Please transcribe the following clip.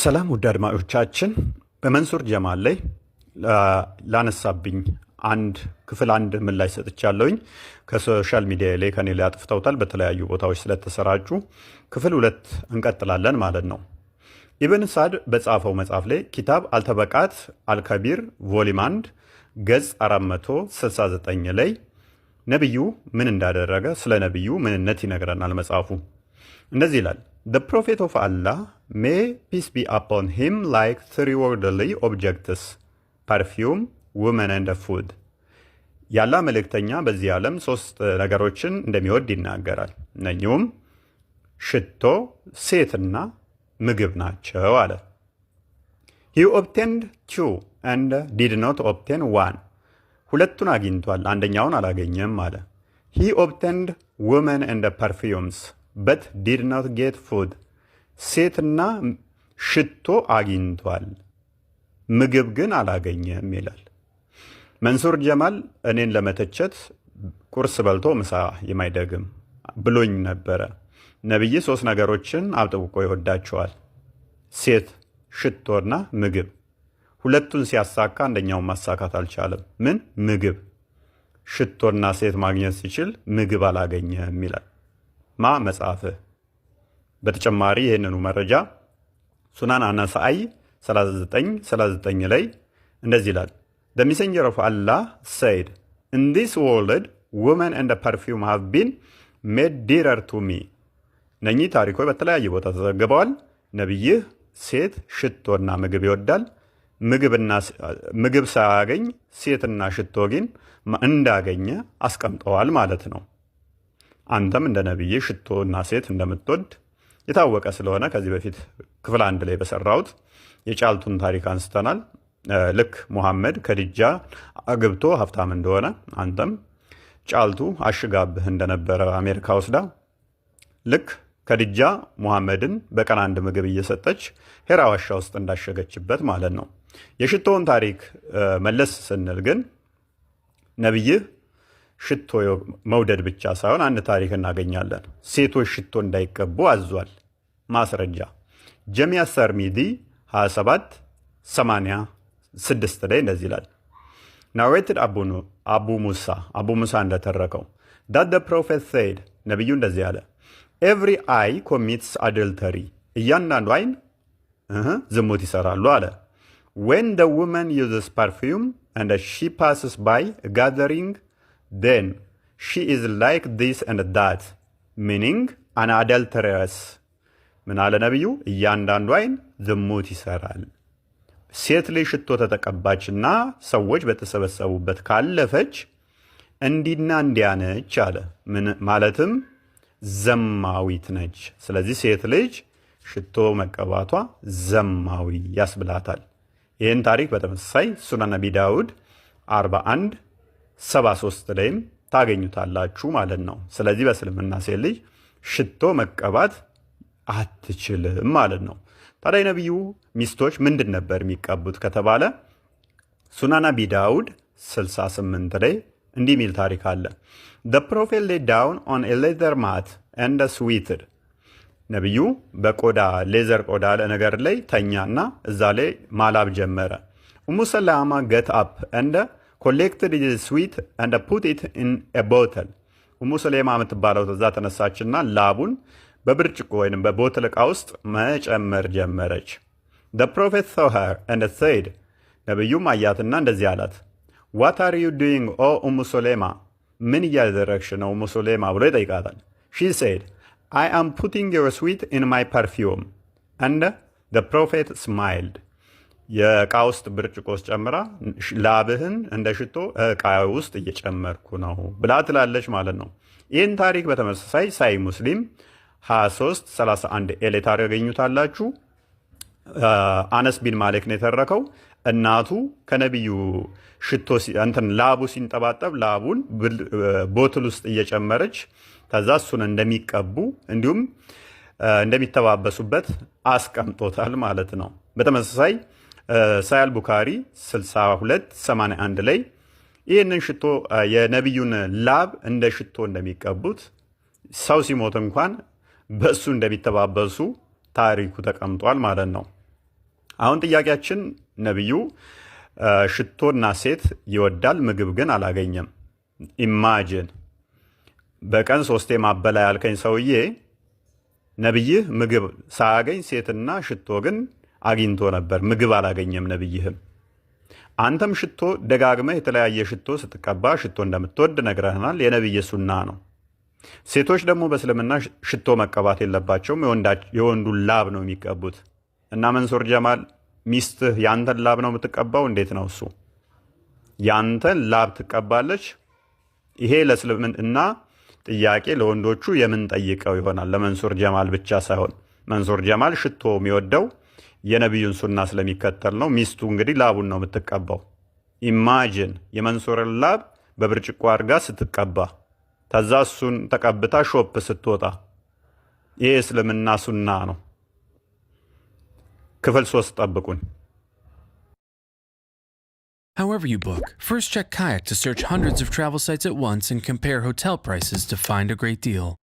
ሰላም ውድ አድማጮቻችን፣ በመንሱር ጀማል ላይ ላነሳብኝ አንድ ክፍል አንድ ምላሽ ሰጥቻለውኝ ከሶሻል ሚዲያ ላይ ከኔ ላይ አጥፍተውታል በተለያዩ ቦታዎች ስለተሰራጩ ክፍል ሁለት እንቀጥላለን ማለት ነው። ኢብን ሳድ በጻፈው መጽሐፍ ላይ ኪታብ አልተበቃት አልከቢር ቮሊም አንድ ገጽ 469 ላይ ነቢዩ ምን እንዳደረገ ስለ ነቢዩ ምንነት ይነግረናል መጽሐፉ። እንደዚህ ይላል ፕሮፌት ኦፍ አላህ May peace be upon him like three worldly objects perfume, woman and food ያላ መልእክተኛ በዚህ ዓለም ሶስት ነገሮችን እንደሚወድ ይናገራል። እነኚሁም ሽቶ፣ ሴትና ምግብ ናቸው አለ። ሂ ኦብቴንድ ቱ አንድ ዲድ ኖት ኦብቴን ዋን፣ ሁለቱን አግኝቷል፣ አንደኛውን አላገኘም አለ። ሂ ኦብቴንድ ውመን አንድ ፐርፊዩምስ በት ዲድ ኖት ጌት ፉድ ሴትና ሽቶ አግኝቷል፣ ምግብ ግን አላገኘም ይላል። መንሱር ጀማል እኔን ለመተቸት ቁርስ በልቶ ምሳ የማይደግም ብሎኝ ነበረ። ነቢይ ሶስት ነገሮችን አብጥብቆ ይወዳቸዋል፣ ሴት፣ ሽቶና ምግብ። ሁለቱን ሲያሳካ አንደኛውን ማሳካት አልቻለም። ምን ምግብ? ሽቶና ሴት ማግኘት ሲችል ምግብ አላገኘም ይላል። ማ መጽሐፍህ በተጨማሪ ይህንኑ መረጃ ሱናን አናሳአይ 3939 ላይ እንደዚህ ይላል። ዘ ሜሴንጀር ኦፍ አላህ ሰይድ ኢን ዚስ ወርልድ ውመን እንደ ፐርፊውም ሃቭ ቢን ሜድ ዲረር ቱ ሚ። እነኚህ ታሪኮች በተለያየ ቦታ ተዘግበዋል። ነቢይህ ሴት ሽቶና ምግብ ይወዳል። ምግብ ሳያገኝ ሴትና ሽቶ ግን እንዳገኘ አስቀምጠዋል ማለት ነው። አንተም እንደ ነቢይህ ሽቶና ሴት እንደምትወድ የታወቀ ስለሆነ ከዚህ በፊት ክፍል አንድ ላይ በሰራሁት የጫልቱን ታሪክ አንስተናል። ልክ ሙሐመድ ከድጃ አግብቶ ሀብታም እንደሆነ አንተም ጫልቱ አሽጋብህ እንደነበረ አሜሪካ ወስዳ ልክ ከድጃ ሙሐመድን በቀን አንድ ምግብ እየሰጠች ሄራ ዋሻ ውስጥ እንዳሸገችበት ማለት ነው። የሽቶውን ታሪክ መለስ ስንል ግን ነቢይህ ሽቶ መውደድ ብቻ ሳይሆን አንድ ታሪክ እናገኛለን። ሴቶች ሽቶ እንዳይቀቡ አዟል። ማስረጃ ጀሚያ ሰርሚዲ 27 86 ላይ እንደዚህ ይላል። ናሬትድ አቡ ሙሳ አቡ ሙሳ እንደተረከው ዳት ፕሮፌት ሰይድ ነቢዩ እንደዚህ አለ። ኤቭሪ አይ ኮሚትስ አድልተሪ እያንዳንዱ አይን ዝሙት ይሰራሉ አለ። ዌን ደ ውመን ዩዝስ ፐርፊም እንደ ሺ ፓስስ ባይ ጋዘሪንግ then she is like this and that meaning an adulteress ምን አለ ነቢዩ? እያንዳንዱ አይን ዝሙት ይሰራል። ሴት ልጅ ሽቶ ተጠቀባችና ሰዎች በተሰበሰቡበት ካለፈች እንዲና እንዲያነች አለ። ማለትም ዘማዊት ነች። ስለዚህ ሴት ልጅ ሽቶ መቀባቷ ዘማዊ ያስብላታል። ይህን ታሪክ በተመሳሳይ ሱና ነቢ ዳውድ 41 73 ላይም ታገኙታላችሁ ማለት ነው። ስለዚህ በእስልምና ሴት ልጅ ሽቶ መቀባት አትችልም ማለት ነው። ታዲያ የነቢዩ ሚስቶች ምንድን ነበር የሚቀቡት ከተባለ ሱናን አቢ ዳውድ 68 ላይ እንዲህ የሚል ታሪክ አለ። ደ ፕሮፌት ሌ ዳውን ኦን ሌዘር ማት እንደ ስዊትድ ነቢዩ በቆዳ ሌዘር ቆዳ ነገር ላይ ተኛና እዛ ላይ ማላብ ጀመረ። ሙሰላማ ገት አፕ እንደ ኮሌክትድ ኢዝ ስዊት አንድ ፑት ኢት ኢን ቦተል ኡሙ ሰሌማ የምትባለው እዛ ተነሳችና ላቡን በብርጭቆ ወይም በቦትል ዕቃ ውስጥ መጨመር ጀመረች። ደ ፕሮፌት ሰው ሀር እንደ ሰይድ ነቢዩም አያትና እንደዚህ አላት፣ ዋት አር ዩ ዱይንግ ኦ ኡሙ ሶሌማ፣ ምን እያደረግሽ ነው ኡሙ ሶሌማ ብሎ ይጠይቃታል። ሺ ሰይድ አይ አም ፑቲንግ ዮር ስዊት ኢን ማይ ፐርፊውም እንደ ደ ፕሮፌት ስማይልድ የእቃ ውስጥ ብርጭቆ ውስጥ ጨምራ ላብህን እንደ ሽቶ እቃ ውስጥ እየጨመርኩ ነው ብላ ትላለች ማለት ነው። ይህን ታሪክ በተመሳሳይ ሳይ ሙስሊም 2331 ኤሌ ታሪክ ያገኙታላችሁ። አነስ ቢን ማሌክ ነው የተረከው። እናቱ ከነቢዩ ሽቶ እንትን ላቡ ሲንጠባጠብ ላቡን ቦትል ውስጥ እየጨመረች ከዛ እሱን እንደሚቀቡ እንዲሁም እንደሚተባበሱበት አስቀምጦታል ማለት ነው። በተመሳሳይ ሳያል ቡካሪ 6281 ላይ ይህንን ሽቶ የነቢዩን ላብ እንደ ሽቶ እንደሚቀቡት ሰው ሲሞት እንኳን በእሱ እንደሚተባበሱ ታሪኩ ተቀምጧል ማለት ነው። አሁን ጥያቄያችን ነቢዩ ሽቶና ሴት ይወዳል፣ ምግብ ግን አላገኘም። ኢማጅን በቀን ሶስቴ ማበላ ያልከኝ ሰውዬ ነቢይህ ምግብ ሳያገኝ ሴትና ሽቶ ግን አግኝቶ ነበር፣ ምግብ አላገኘም። ነብይህም አንተም ሽቶ ደጋግመህ የተለያየ ሽቶ ስትቀባ ሽቶ እንደምትወድ ነግረህናል። የነብይ ሱና ነው። ሴቶች ደግሞ በእስልምና ሽቶ መቀባት የለባቸውም፣ የወንዱን ላብ ነው የሚቀቡት። እና መንሶር ጀማል ሚስትህ ያንተን ላብ ነው የምትቀባው? እንዴት ነው እሱ? ያንተን ላብ ትቀባለች። ይሄ ለእስልምና ጥያቄ ለወንዶቹ የምንጠይቀው ይሆናል፣ ለመንሶር ጀማል ብቻ ሳይሆን መንሶር ጀማል ሽቶ የሚወደው የነቢዩን ሱና ስለሚከተል ነው። ሚስቱ እንግዲህ ላቡን ነው የምትቀባው። ኢማጅን የመንሱርን ላብ በብርጭቆ አድርጋ ስትቀባ፣ ከዛ እሱን ተቀብታ ሾፕ ስትወጣ። ይህ እስልምና ሱና ነው። ክፍል ሶስት ጠብቁን። However you book, first check Kayak to search hundreds of travel sites at once and compare hotel prices to find a great deal.